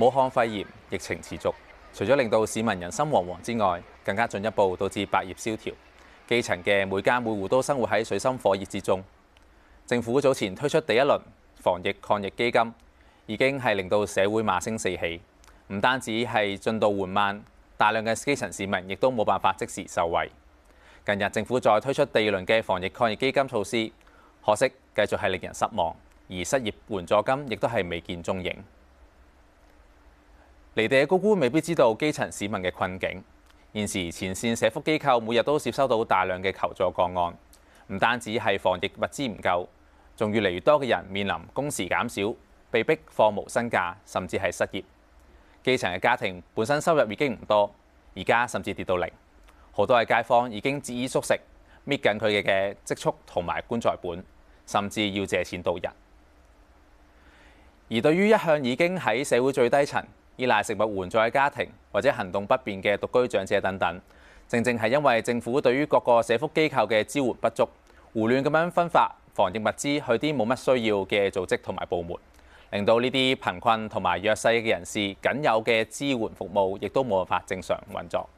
武漢肺炎疫情持續，除咗令到市民人心惶惶之外，更加進一步導致百業蕭條，基層嘅每家每戶都生活喺水深火熱之中。政府早前推出第一輪防疫抗疫基金，已經係令到社會罵聲四起。唔單止係進度緩慢，大量嘅基層市民亦都冇辦法即時受惠。近日政府再推出第二輪嘅防疫抗疫基金措施，可惜繼續係令人失望，而失業援助金亦都係未見蹤影。離地嘅高官未必知道基層市民嘅困境。現時前線社福機構每日都接收到大量嘅求助個案，唔單止係防疫物資唔夠，仲越嚟越多嘅人面臨工時減少，被逼放無薪假，甚至係失業。基層嘅家庭本身收入已經唔多，而家甚至跌到零，好多嘅街坊已經節衣縮食，搣緊佢哋嘅積蓄同埋棺材本，甚至要借錢度日。而對於一向已經喺社會最低層。依賴食物援助嘅家庭，或者行動不便嘅獨居長者等等，正正係因為政府對於各個社福機構嘅支援不足，胡亂咁樣分發防疫物資去啲冇乜需要嘅組織同埋部門，令到呢啲貧困同埋弱勢嘅人士，僅有嘅支援服務亦都冇辦法正常運作。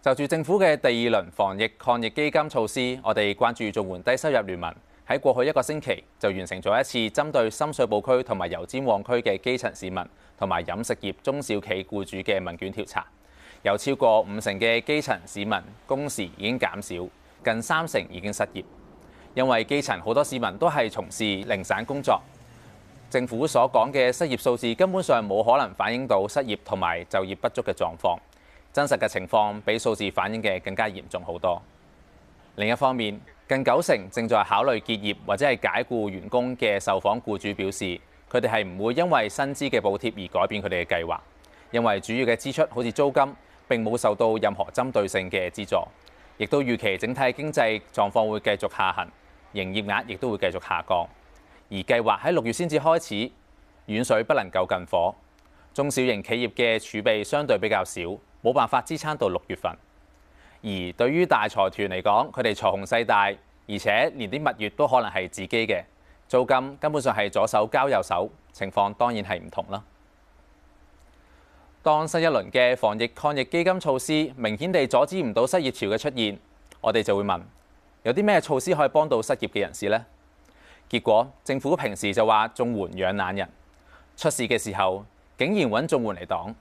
就住政府嘅第二輪防疫抗疫基金措施，我哋關注綜援低收入聯盟。喺過去一個星期就完成咗一次針對深水埗區同埋油尖旺區嘅基層市民同埋飲食業中小企僱主嘅問卷調查，有超過五成嘅基層市民工時已經減少，近三成已經失業。因為基層好多市民都係從事零散工作，政府所講嘅失業數字根本上冇可能反映到失業同埋就業不足嘅狀況，真實嘅情況比數字反映嘅更加嚴重好多。另一方面，近九成正在考慮結業或者係解雇員工嘅受訪僱主表示，佢哋係唔會因為薪資嘅補貼而改變佢哋嘅計劃，因為主要嘅支出好似租金並冇受到任何針對性嘅資助，亦都預期整體經濟狀況會繼續下行，營業額亦都會繼續下降。而計劃喺六月先至開始，遠水不能夠近火，中小型企業嘅儲備相對比較少，冇辦法支撐到六月份。而對於大財團嚟講，佢哋財雄勢大，而且連啲物業都可能係自己嘅租金，根本上係左手交右手，情況當然係唔同啦。當新一輪嘅防疫抗疫基金措施明顯地阻止唔到失業潮嘅出現，我哋就會問：「有啲咩措施可以幫到失業嘅人士呢？」結果政府平時就話綜援養懶人，出事嘅時候竟然揾綜援嚟擋。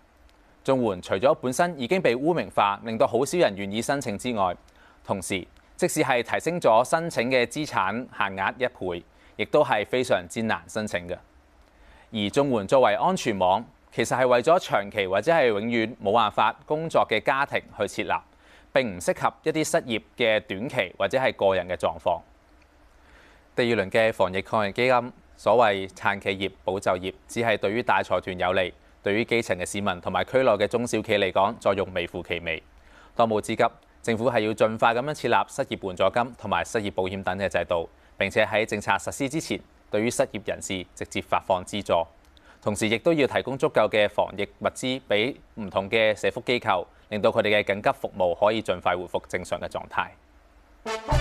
綜援除咗本身已經被污名化，令到好少人願意申請之外，同時即使係提升咗申請嘅資產限額一倍，亦都係非常之難申請嘅。而綜援作為安全網，其實係為咗長期或者係永遠冇辦法工作嘅家庭去設立，並唔適合一啲失業嘅短期或者係個人嘅狀況。第二輪嘅防疫抗疫基金，所謂撐企業保就業，只係對於大財團有利。對於基層嘅市民同埋區內嘅中小企嚟講，作用微乎其微。當務之急，政府係要盡快咁樣設立失業援助金同埋失業保險等嘅制度，並且喺政策實施之前，對於失業人士直接發放資助。同時，亦都要提供足夠嘅防疫物資俾唔同嘅社福機構，令到佢哋嘅緊急服務可以盡快恢復正常嘅狀態。